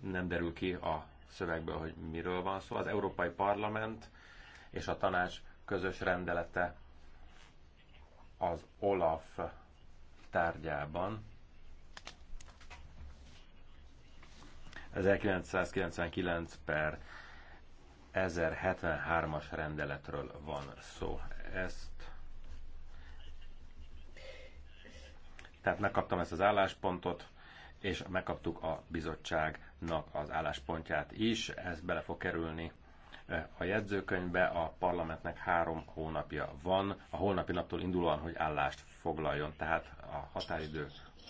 nem derül ki a szövegből, hogy miről van szó. Az Európai Parlament és a tanács közös rendelete az Olaf tárgyában. 1999 per 1073-as rendeletről van szó. Ezt tehát megkaptam ezt az álláspontot, és megkaptuk a bizottságnak az álláspontját is, ez bele fog kerülni eh, a jegyzőkönyvbe, a parlamentnek három hónapja van, a holnapi naptól indulóan, hogy állást foglaljon, tehát a határidő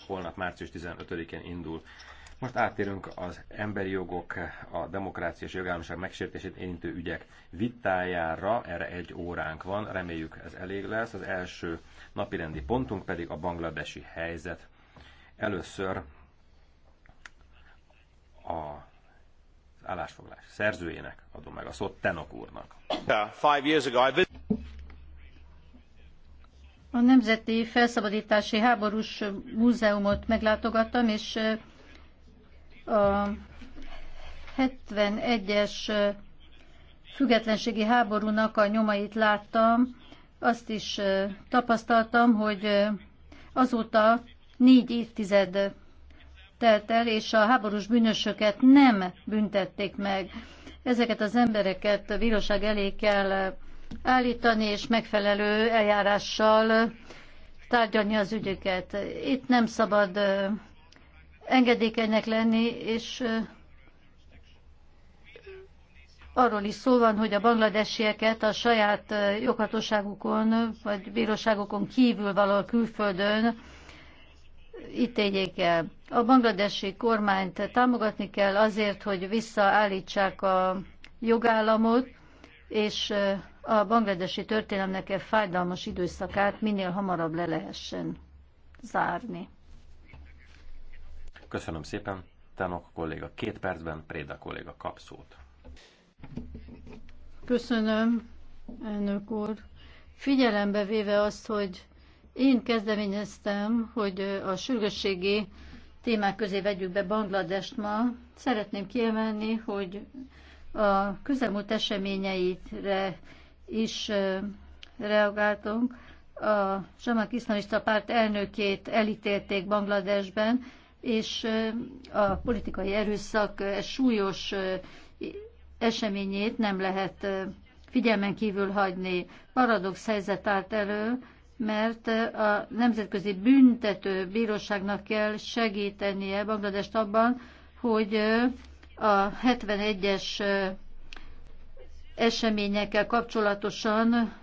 holnap március 15-én indul. Most áttérünk az emberi jogok, a demokrácia és jogállamiság megsértését érintő ügyek vitájára. Erre egy óránk van, reméljük ez elég lesz. Az első napirendi pontunk pedig a bangladesi helyzet. Először a állásfoglalás szerzőjének adom meg a szót Tenok úrnak. Uh, a Nemzeti Felszabadítási Háborús Múzeumot meglátogattam, és uh, a 71-es uh, függetlenségi háborúnak a nyomait láttam. Azt is tapasztaltam, hogy azóta négy évtized telt el, és a háborús bűnösöket nem büntették meg. Ezeket az embereket a bíróság elé kell állítani, és megfelelő eljárással tárgyalni az ügyeket. Itt nem szabad engedékenynek lenni, és arról is szó van, hogy a bangladesieket a saját joghatóságukon vagy bíróságokon kívül való külföldön itt el. A bangladesi kormányt támogatni kell azért, hogy visszaállítsák a jogállamot, és eh, a bangladesi történelemnek e fájdalmas időszakát minél hamarabb le lehessen zárni. Köszönöm szépen. Tanok kolléga két percben, Préda kolléga kap szót. Köszönöm, elnök úr. Figyelembe véve azt, hogy én kezdeményeztem, hogy a sürgősségi témák közé vegyük be Bangladest ma. Szeretném kiemelni, hogy a közelmúlt eseményeitre is reagáltunk. A Zsamak iszlamista párt elnökét elítélték Bangladesben, és a politikai erőszak súlyos eseményét nem lehet figyelmen kívül hagyni. Paradox helyzet állt elő, mert a Nemzetközi Büntető Bíróságnak kell segítenie Bangladest abban, hogy a 71-es eseményekkel kapcsolatosan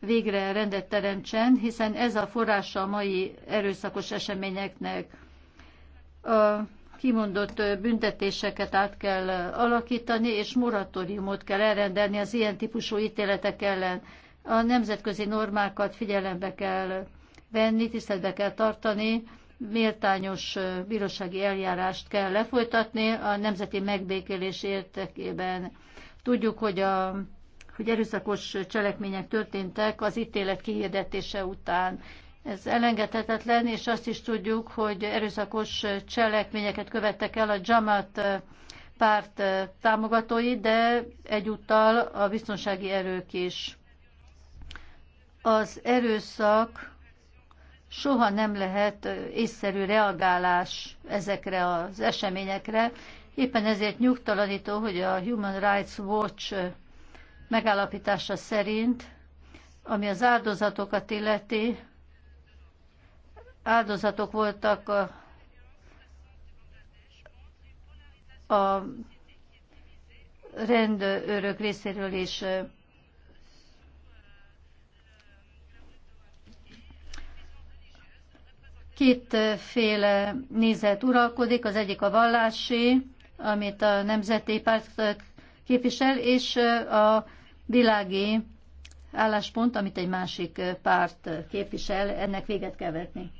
végre rendet teremtsen, hiszen ez a forrása a mai erőszakos eseményeknek. A kimondott büntetéseket át kell alakítani, és moratóriumot kell elrendelni az ilyen típusú ítéletek ellen. A nemzetközi normákat figyelembe kell venni, tiszteletbe kell tartani, méltányos bírósági eljárást kell lefolytatni a nemzeti megbékélés értekében. Tudjuk, hogy a hogy erőszakos cselekmények történtek az ítélet kihirdetése után. Ez elengedhetetlen, és azt is tudjuk, hogy erőszakos cselekményeket követtek el a Jamat párt támogatói, de egyúttal a biztonsági erők is. Az erőszak soha nem lehet észszerű reagálás ezekre az eseményekre. Éppen ezért nyugtalanító, hogy a Human Rights Watch megállapítása szerint, ami az áldozatokat illeti, áldozatok voltak a, a rendőrök részéről is Kétféle nézet uralkodik, az egyik a vallási, amit a Nemzeti Párt képvisel, és a világi álláspont, amit egy másik párt képvisel, ennek véget kell vetni.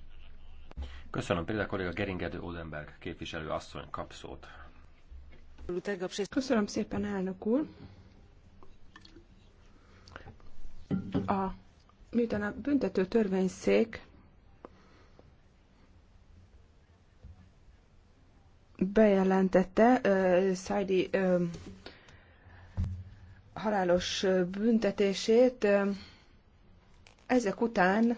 Köszönöm például kolléga Geringedő Odenberg képviselő asszony kap szót. Köszönöm szépen, elnök úr. A, miután a büntető törvényszék bejelentette uh, Szájdi uh, halálos büntetését. Uh, ezek után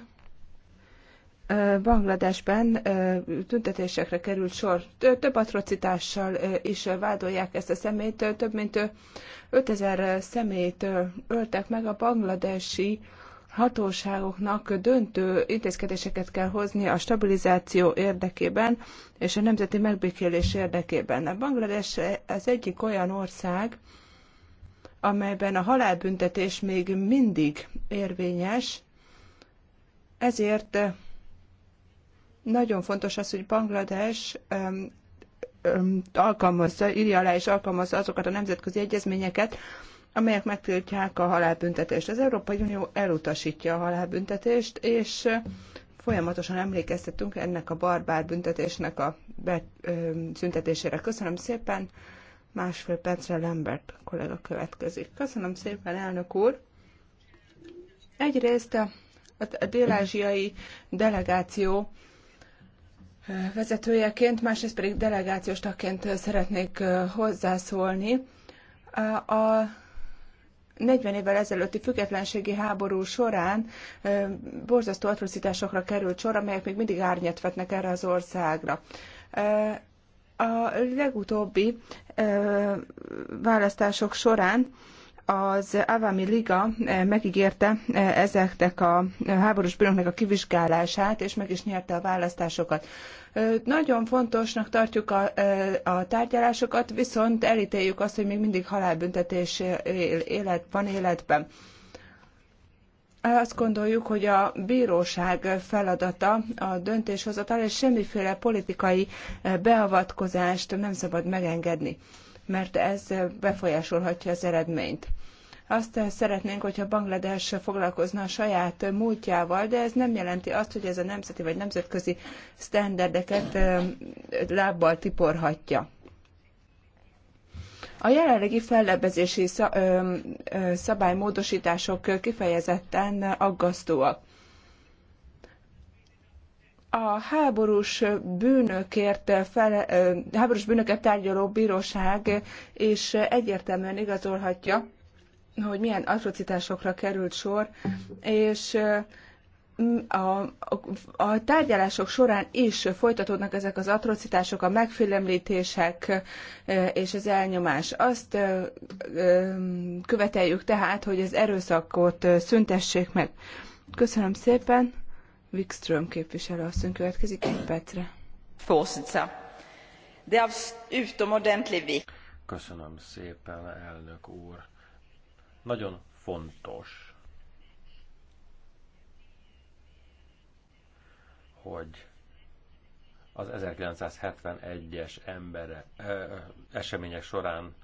uh, Bangladesben uh, tüntetésekre került sor. Több atrocitással uh, is vádolják ezt a szemét. Több mint 5000 szemét öltek meg a bangladesi hatóságoknak döntő intézkedéseket kell hozni a stabilizáció érdekében és a nemzeti megbékélés érdekében. A Banglades az egyik olyan ország, amelyben a halálbüntetés még mindig érvényes, ezért nagyon fontos az, hogy Banglades alkalmazza, írja alá és alkalmazza azokat a nemzetközi egyezményeket, amelyek megtiltják a halálbüntetést. Az Európai Unió elutasítja a halálbüntetést, és folyamatosan emlékeztetünk ennek a barbár büntetésnek a szüntetésére. Köszönöm szépen, másfél percre Lambert kollega következik. Köszönöm szépen, elnök úr! Egyrészt a, a dél-ázsiai delegáció vezetőjeként, másrészt pedig delegációs tagként szeretnék hozzászólni. A 40 évvel ezelőtti függetlenségi háború során borzasztó atrocitásokra került sor, amelyek még mindig árnyat vetnek erre az országra. A legutóbbi választások során az Avami Liga eh, megígérte eh, ezeknek a eh, háborús bűnöknek a kivizsgálását, és meg is nyerte a választásokat. Nagyon fontosnak tartjuk a, a tárgyalásokat, viszont elítéljük azt, hogy még mindig halálbüntetés élet, van életben. Azt gondoljuk, hogy a bíróság feladata a döntéshozatal, és semmiféle politikai beavatkozást nem szabad megengedni, mert ez befolyásolhatja az eredményt. Azt szeretnénk, hogyha Banglades foglalkozna a saját múltjával, de ez nem jelenti azt, hogy ez a nemzeti vagy nemzetközi sztenderdeket lábbal tiporhatja. A jelenlegi fellebbezési szabálymódosítások kifejezetten aggasztóak. A háborús bűnökért, fele, háborús bűnöket tárgyaló bíróság is egyértelműen igazolhatja, hogy milyen atrocitásokra került sor, és a, a, a tárgyalások során is folytatódnak ezek az atrocitások, a megfélemlítések és az elnyomás. Azt követeljük tehát, hogy az erőszakot szüntessék meg. Köszönöm szépen. Wikström képviselő asszony következik egy percre. Köszönöm szépen, elnök úr nagyon fontos, hogy az 1971-es embere, események során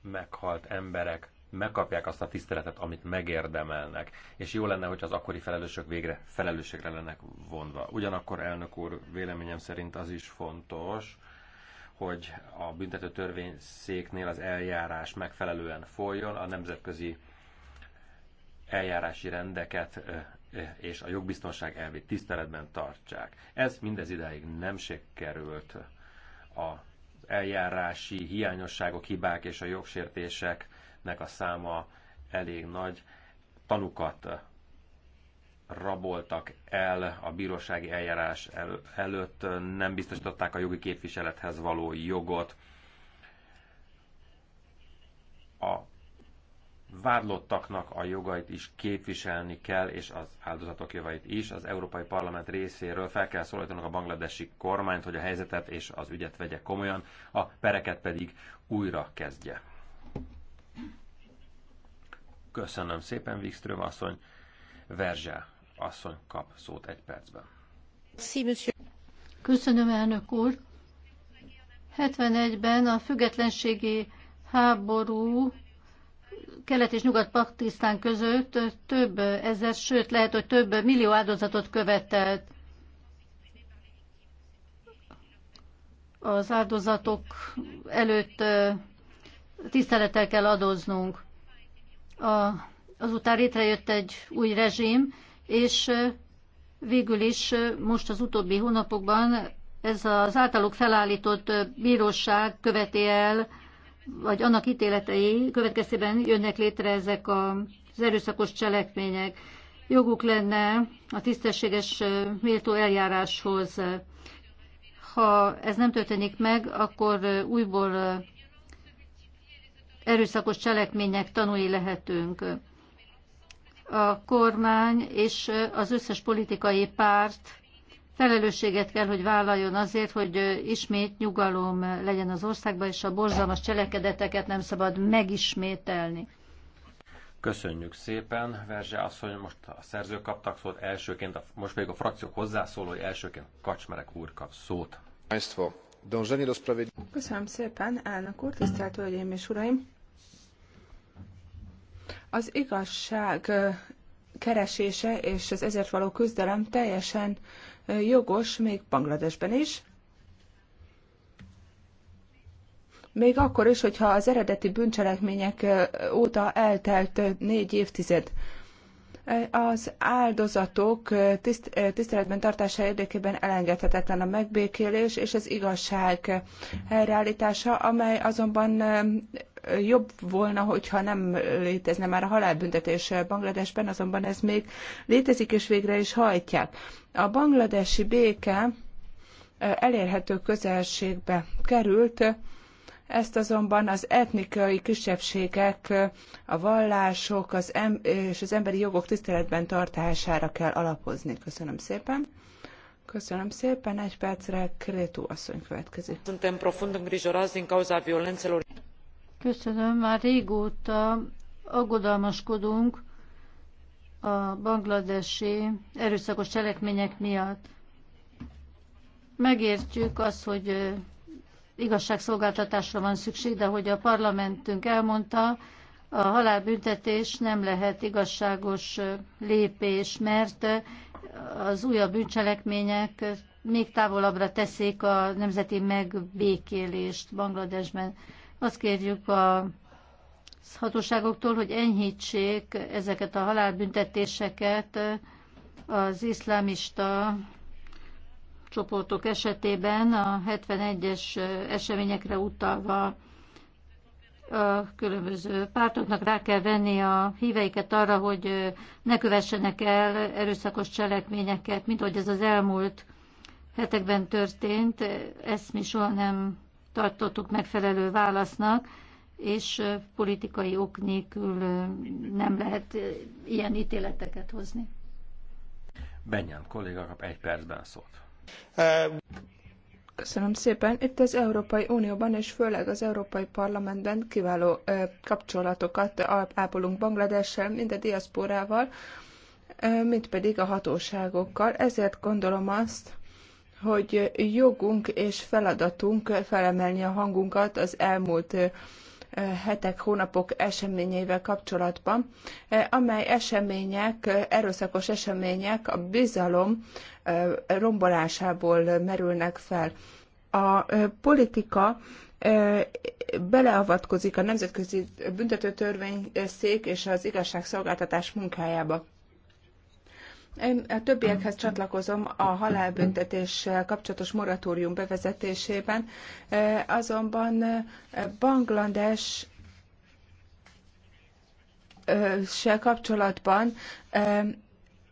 meghalt emberek megkapják azt a tiszteletet, amit megérdemelnek. És jó lenne, hogy az akkori felelősök végre felelősségre lennek vonva. Ugyanakkor elnök úr véleményem szerint az is fontos, hogy a büntető törvényszéknél az eljárás megfelelően folyjon, a nemzetközi eljárási rendeket és a jogbiztonság elvét tiszteletben tartsák. Ez mindez idáig nem sikerült. A eljárási hiányosságok, hibák és a jogsértéseknek a száma elég nagy. Tanukat raboltak el a bírósági eljárás el, előtt, nem biztosították a jogi képviselethez való jogot. A vádlottaknak a jogait is képviselni kell, és az áldozatok jogait is. Az Európai Parlament részéről fel kell szólítanunk a bangladesi kormányt, hogy a helyzetet és az ügyet vegye komolyan, a pereket pedig újra kezdje. Köszönöm szépen, Wikström asszony. Verzsel asszony kap szót egy percben. Köszönöm, elnök úr. 71-ben a függetlenségi háború kelet és nyugat pakisztán között több ezer, sőt lehet, hogy több millió áldozatot követelt. Az áldozatok előtt tisztelettel kell adóznunk. A, azután létrejött egy új rezsim, és végül is most az utóbbi hónapokban ez az általuk felállított bíróság követi el, vagy annak ítéletei következtében jönnek létre ezek az erőszakos cselekmények. Joguk lenne a tisztességes méltó eljáráshoz. Ha ez nem történik meg, akkor újból erőszakos cselekmények tanúi lehetünk a kormány és az összes politikai párt felelősséget kell, hogy vállaljon azért, hogy ismét nyugalom legyen az országban, és a borzalmas cselekedeteket nem szabad megismételni. Köszönjük szépen, Verzse asszony, most a szerzők kaptak szót elsőként, a, most pedig a frakciók hozzászólói elsőként Kacsmerek úr kap szót. Köszönöm szépen, elnök úr, tisztelt hölgyeim és uraim! Az igazság keresése és az ezért való küzdelem teljesen jogos még Bangladesben is. Még akkor is, hogyha az eredeti bűncselekmények óta eltelt négy évtized. Az áldozatok eh, eh, tiszteletben tartása érdekében elengedhetetlen a megbékélés és az igazság helyreállítása, amely azonban eh, jobb volna, hogyha nem létezne már a halálbüntetés Bangladesben, azonban ez még létezik és végre is hajtják. A bangladesi béke elérhető közelségbe került, ezt azonban az etnikai kisebbségek, a vallások az em- és az emberi jogok tiszteletben tartására kell alapozni. Köszönöm szépen. Köszönöm szépen. Egy percre Krétu asszony következik. Suntem profund îngrijorați din cauza violențelor. Köszönöm. Már régóta aggodalmaskodunk a bangladesi erőszakos cselekmények miatt. Megértjük azt, hogy igazságszolgáltatásra van szükség, de hogy a parlamentünk elmondta, a halálbüntetés nem lehet igazságos lépés, mert az újabb bűncselekmények még távolabbra teszik a nemzeti megbékélést Bangladesben. Azt kérjük a hatóságoktól, hogy enyhítsék ezeket a halálbüntetéseket az iszlámista csoportok esetében a 71-es eseményekre utalva a különböző pártoknak rá kell venni a híveiket arra, hogy ne kövessenek el erőszakos cselekményeket, mint ahogy ez az elmúlt hetekben történt. Ezt mi soha nem tartottuk megfelelő válasznak, és politikai ok nélkül nem lehet ilyen ítéleteket hozni. Benyám kolléga kap egy percben szólt. Köszönöm szépen. Itt az Európai Unióban és főleg az Európai Parlamentben kiváló kapcsolatokat ápolunk Bangladessel, mind a diaszporával, mint pedig a hatóságokkal. Ezért gondolom azt, hogy jogunk és feladatunk felemelni a hangunkat az elmúlt hetek, hónapok eseményeivel kapcsolatban, eh, amely események, eh, erőszakos események a bizalom eh, rombolásából merülnek fel. A politika beleavatkozik a Nemzetközi Büntetőtörvényszék és az igazságszolgáltatás munkájába. Én a többiekhez csatlakozom a halálbüntetéssel kapcsolatos moratórium bevezetésében, azonban Bangladesh se kapcsolatban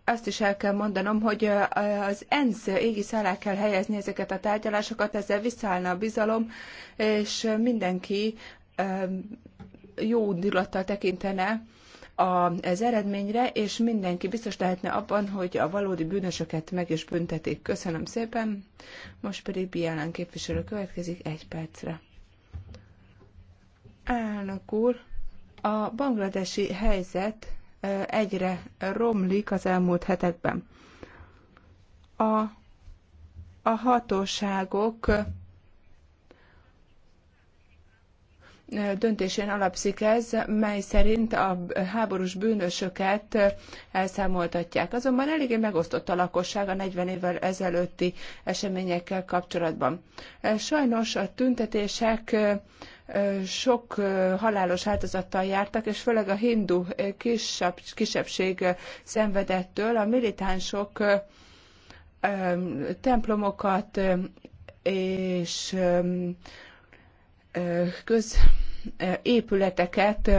azt is el kell mondanom, hogy az ENSZ égisz alá kell helyezni ezeket a tárgyalásokat, ezzel visszaállna a bizalom, és mindenki jó indulattal tekintene az eredményre, és mindenki biztos lehetne abban, hogy a valódi bűnösöket meg is büntetik. Köszönöm szépen. Most pedig Bielán képviselő következik egy percre. Elnök úr, a bangladesi helyzet egyre romlik az elmúlt hetekben. A, a hatóságok döntésén alapszik ez, mely szerint a háborús bűnösöket elszámoltatják. Azonban eléggé megosztott a lakosság a 40 évvel ezelőtti eseményekkel kapcsolatban. Sajnos a tüntetések sok halálos áldozattal jártak, és főleg a hindu kisebbség szenvedettől a militánsok templomokat és köz épületeket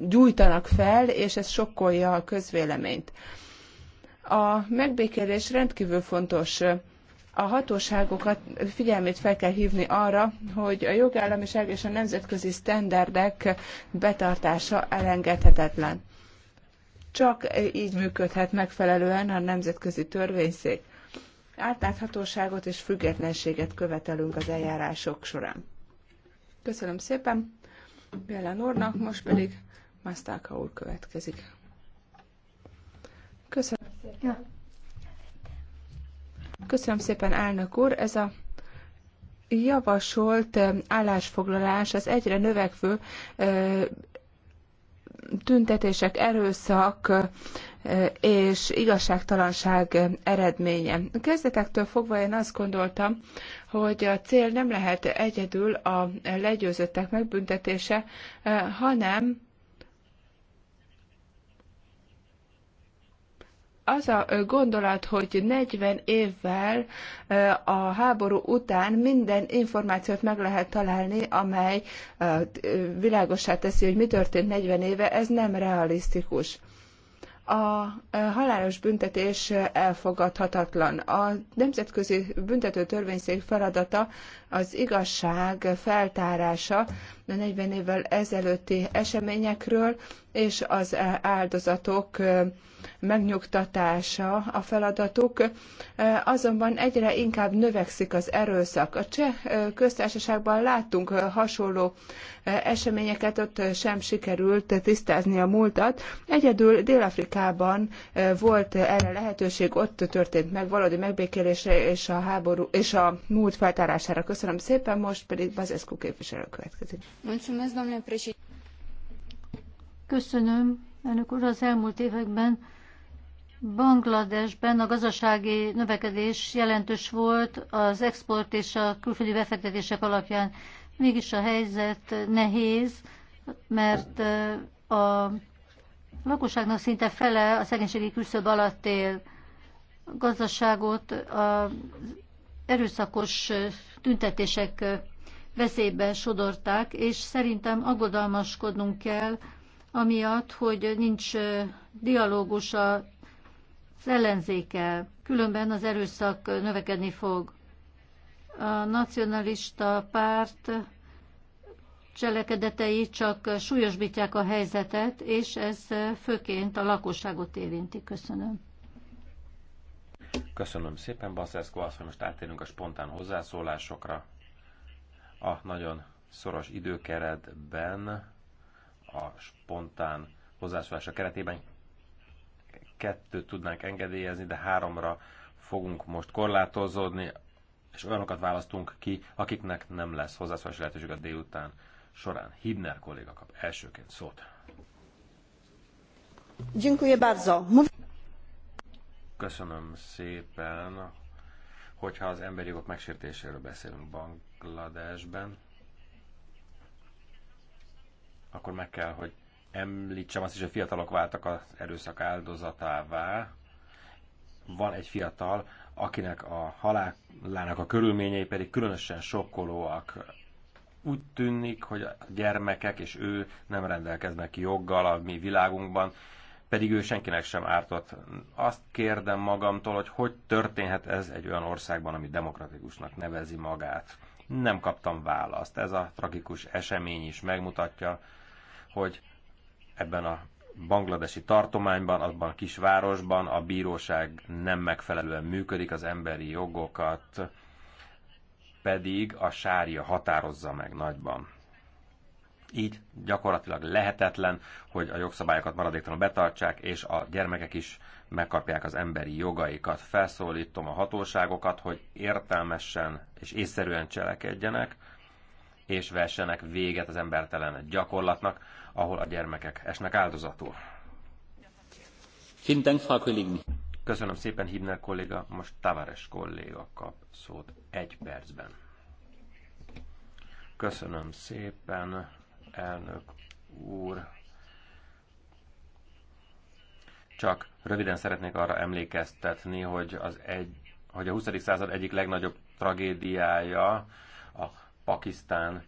gyújtanak fel, és ez sokkolja a közvéleményt. A megbékélés rendkívül fontos. A hatóságokat figyelmét fel kell hívni arra, hogy a jogállamiság és a nemzetközi sztenderdek betartása elengedhetetlen. Csak így működhet megfelelően a nemzetközi törvényszék. Átláthatóságot és függetlenséget követelünk az eljárások során. Köszönöm szépen Bélán úrnak, most pedig Masztáka úr következik. Köszönöm szépen. Köszönöm szépen, elnök úr. Ez a javasolt állásfoglalás az egyre növekvő tüntetések, erőszak, és igazságtalanság eredménye. A kezdetektől fogva én azt gondoltam, hogy a cél nem lehet egyedül a legyőzöttek megbüntetése, hanem az a gondolat, hogy 40 évvel a háború után minden információt meg lehet találni, amely világosá teszi, hogy mi történt 40 éve, ez nem realisztikus. A halálos büntetés elfogadhatatlan. A Nemzetközi Büntető Törvényszék feladata az igazság feltárása a 40 évvel ezelőtti eseményekről és az áldozatok megnyugtatása a feladatuk, azonban egyre inkább növekszik az erőszak. A cseh köztársaságban láttunk hasonló eseményeket, ott sem sikerült tisztázni a múltat. Egyedül Dél-Afrikában volt erre lehetőség, ott történt meg valódi megbékélésre és a háború és a múlt feltárására. Köszönöm szépen, most pedig Bazescu képviselő következik. Köszönöm, elnök úr, az elmúlt években Bangladesben a gazdasági növekedés jelentős volt az export és a külföldi befektetések alapján. Mégis a helyzet nehéz, mert a lakosságnak szinte fele a szegénységi küszöb alatt él. A gazdaságot az erőszakos tüntetések veszélybe sodorták, és szerintem aggodalmaskodnunk kell, amiatt, hogy nincs dialógus a ellenzéke. különben az erőszak növekedni fog. A nacionalista párt cselekedetei csak súlyosbítják a helyzetet, és ez főként a lakosságot érinti. Köszönöm. Köszönöm szépen, Baszeszko, azt, hogy most áttérünk a spontán hozzászólásokra. A nagyon szoros időkeretben, a spontán hozzászólása keretében kettőt tudnánk engedélyezni, de háromra fogunk most korlátozódni, és olyanokat választunk ki, akiknek nem lesz hozzászólási lehetőség a délután során. Hibner kolléga kap elsőként szót. bardzo. Köszönöm szépen, hogyha az emberi jogok megsértéséről beszélünk Bangladesben, akkor meg kell, hogy említsem azt is, hogy fiatalok váltak az erőszak áldozatává. Van egy fiatal, akinek a halálának a körülményei pedig különösen sokkolóak. Úgy tűnik, hogy a gyermekek és ő nem rendelkeznek joggal a mi világunkban, pedig ő senkinek sem ártott. Azt kérdem magamtól, hogy hogy történhet ez egy olyan országban, ami demokratikusnak nevezi magát. Nem kaptam választ. Ez a tragikus esemény is megmutatja, hogy ebben a bangladesi tartományban, abban a kisvárosban a bíróság nem megfelelően működik, az emberi jogokat pedig a sárja határozza meg nagyban. Így gyakorlatilag lehetetlen, hogy a jogszabályokat maradéktalanul betartsák, és a gyermekek is megkapják az emberi jogaikat. Felszólítom a hatóságokat, hogy értelmesen és észszerűen cselekedjenek, és vessenek véget az embertelen gyakorlatnak, ahol a gyermekek esnek áldozatul. Köszönöm szépen, Hibner kolléga. Most Tavares kolléga kap szót egy percben. Köszönöm szépen, elnök úr. Csak röviden szeretnék arra emlékeztetni, hogy, az egy, hogy a 20. század egyik legnagyobb tragédiája a Pakisztán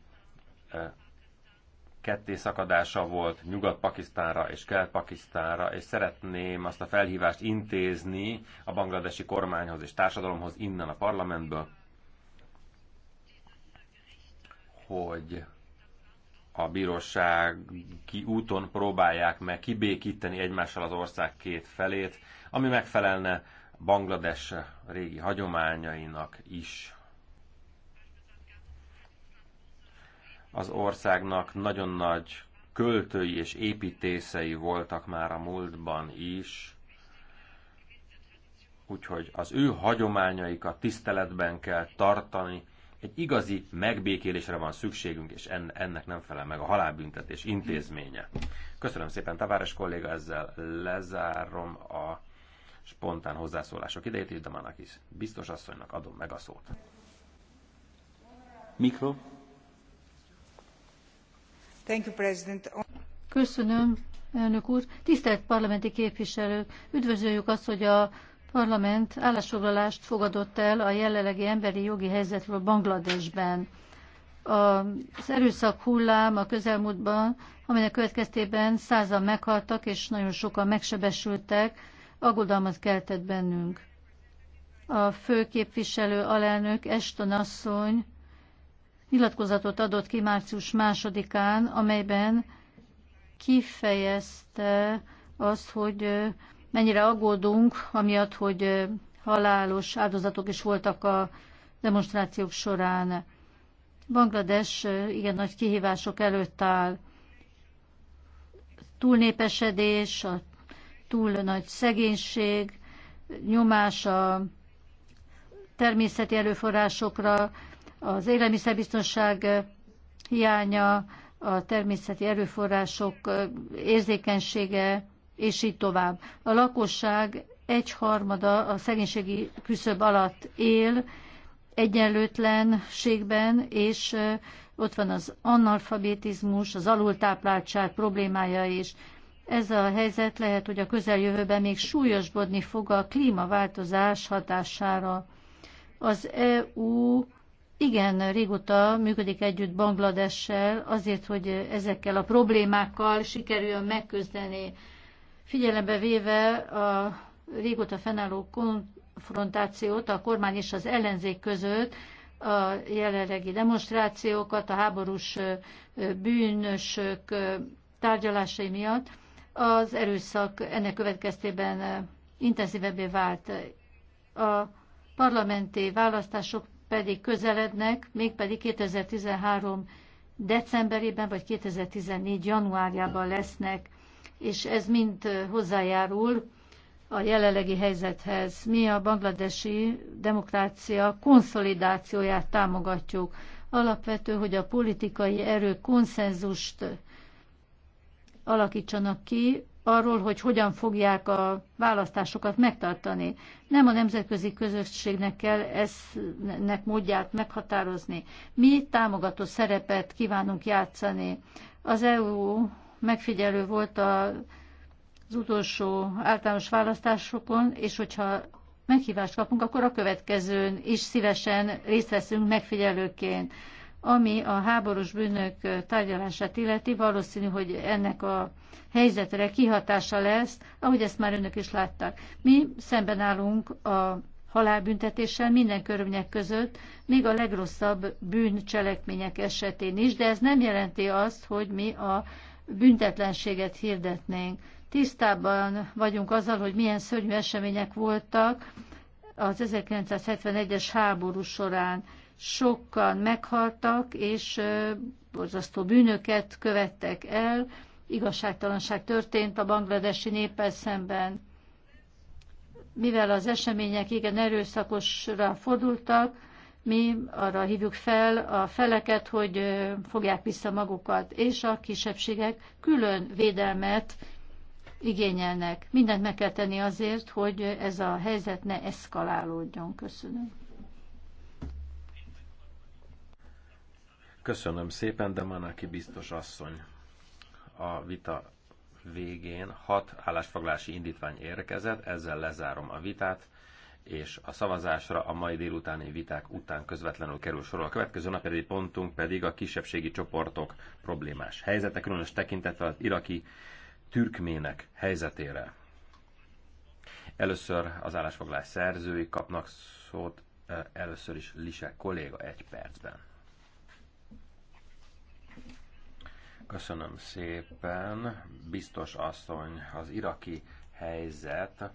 ketté szakadása volt Nyugat-Pakisztánra és Kelet-Pakisztánra, és szeretném azt a felhívást intézni a bangladesi kormányhoz és társadalomhoz innen a parlamentből, hogy a bírósági úton próbálják meg kibékíteni egymással az ország két felét, ami megfelelne Banglades régi hagyományainak is. Az országnak nagyon nagy költői és építészei voltak már a múltban is, úgyhogy az ő hagyományaikat tiszteletben kell tartani, egy igazi megbékélésre van szükségünk, és ennek nem felel meg a halálbüntetés intézménye. Köszönöm szépen, Taváres kolléga, ezzel lezárom a spontán hozzászólások idejét, és Damanakis biztos asszonynak adom meg a szót. Mikro. Köszönöm, elnök úr. Tisztelt parlamenti képviselők, üdvözöljük azt, hogy a parlament állásfoglalást fogadott el a jelenlegi emberi jogi helyzetről Bangladesben. Az erőszak hullám a közelmúltban, amelynek következtében százan meghaltak és nagyon sokan megsebesültek, aggodalmat keltett bennünk. A főképviselő alelnök Eston asszony nyilatkozatot adott ki március másodikán, amelyben kifejezte azt, hogy mennyire aggódunk, amiatt, hogy halálos áldozatok is voltak a demonstrációk során. Banglades igen nagy kihívások előtt áll. Túlnépesedés, a túl nagy szegénység, nyomás a természeti erőforrásokra, az élelmiszerbiztonság hiánya, a természeti erőforrások érzékenysége, és így tovább. A lakosság egyharmada a szegénységi küszöb alatt él, egyenlőtlenségben, és ott van az analfabetizmus, az alultápláltság problémája is. Ez a helyzet lehet, hogy a közeljövőben még súlyosbodni fog a klímaváltozás hatására. Az EU igen régóta működik együtt Bangladessel azért, hogy ezekkel a problémákkal sikerüljön megküzdeni. Figyelembe véve a régóta fennálló konfrontációt a kormány és az ellenzék között, a jelenlegi demonstrációkat, a háborús bűnösök tárgyalásai miatt az erőszak ennek következtében intenzívebbé vált. A parlamenti választások pedig közelednek, mégpedig 2013 decemberében vagy 2014 januárjában lesznek, és ez mind hozzájárul a jelenlegi helyzethez. Mi a bangladesi demokrácia konszolidációját támogatjuk. Alapvető, hogy a politikai erők konszenzust alakítsanak ki arról, hogy hogyan fogják a választásokat megtartani. Nem a nemzetközi közösségnek kell eznek módját meghatározni. Mi támogató szerepet kívánunk játszani. Az EU megfigyelő volt a, az utolsó általános választásokon, és hogyha meghívást kapunk, akkor a következőn is szívesen részt veszünk megfigyelőként. Ami a háborús bűnök tárgyalását illeti, valószínű, hogy ennek a helyzetre kihatása lesz, ahogy ezt már önök is láttak. Mi szemben állunk a halálbüntetéssel minden körülmények között, még a legrosszabb bűncselekmények esetén is, de ez nem jelenti azt, hogy mi a büntetlenséget hirdetnénk. Tisztában vagyunk azzal, hogy milyen szörnyű események voltak az 1971-es háború során, sokan meghaltak, és borzasztó bűnöket követtek el, igazságtalanság történt a bangladesi néppel szemben. Mivel az események igen erőszakosra fordultak, mi arra hívjuk fel a feleket, hogy fogják vissza magukat, és a kisebbségek külön védelmet igényelnek. Mindent meg kell tenni azért, hogy ez a helyzet ne eszkalálódjon. Köszönöm. Köszönöm szépen, de Manaki biztos asszony. A vita végén hat állásfoglalási indítvány érkezett, ezzel lezárom a vitát, és a szavazásra a mai délutáni viták után közvetlenül kerül sor. A következő napi pontunk pedig a kisebbségi csoportok problémás helyzete, különös tekintettel az iraki türkmének helyzetére. Először az állásfoglalás szerzői kapnak szót, eh, először is Lise kolléga egy percben. Köszönöm szépen. Biztos asszony, az iraki helyzet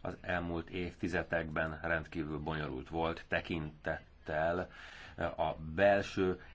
az elmúlt évtizedekben rendkívül bonyolult volt, tekintettel a belső